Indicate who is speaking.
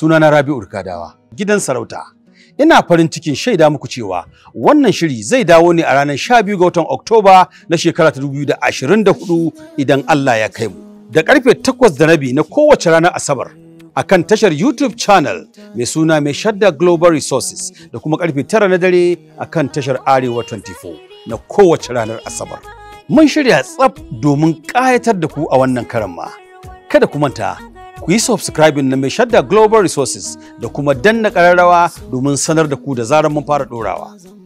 Speaker 1: sunana Rabi'u Urkadawa, gidan sarauta. Ina farin cikin shaida muku cewa wannan shiri zai dawo ne a ranar 12 ga watan Oktoba na shekara ta 2024 idan Allah ya kai mu. Da karfe 8 da rabi na kowace ranar Asabar a kan tashar YouTube channel mai suna mai shadda Global Resources da kuma karfe 9 na dare a kan tashar Arewa 24 na kowace ranar Asabar. Mun shirya tsaf domin ƙayatar da ku a wannan karan Kada ku manta ku yi subscribing na mai shadda Global Resources da kuma danna ƙararrawa domin sanar da ku da zarar mun fara ɗorawa.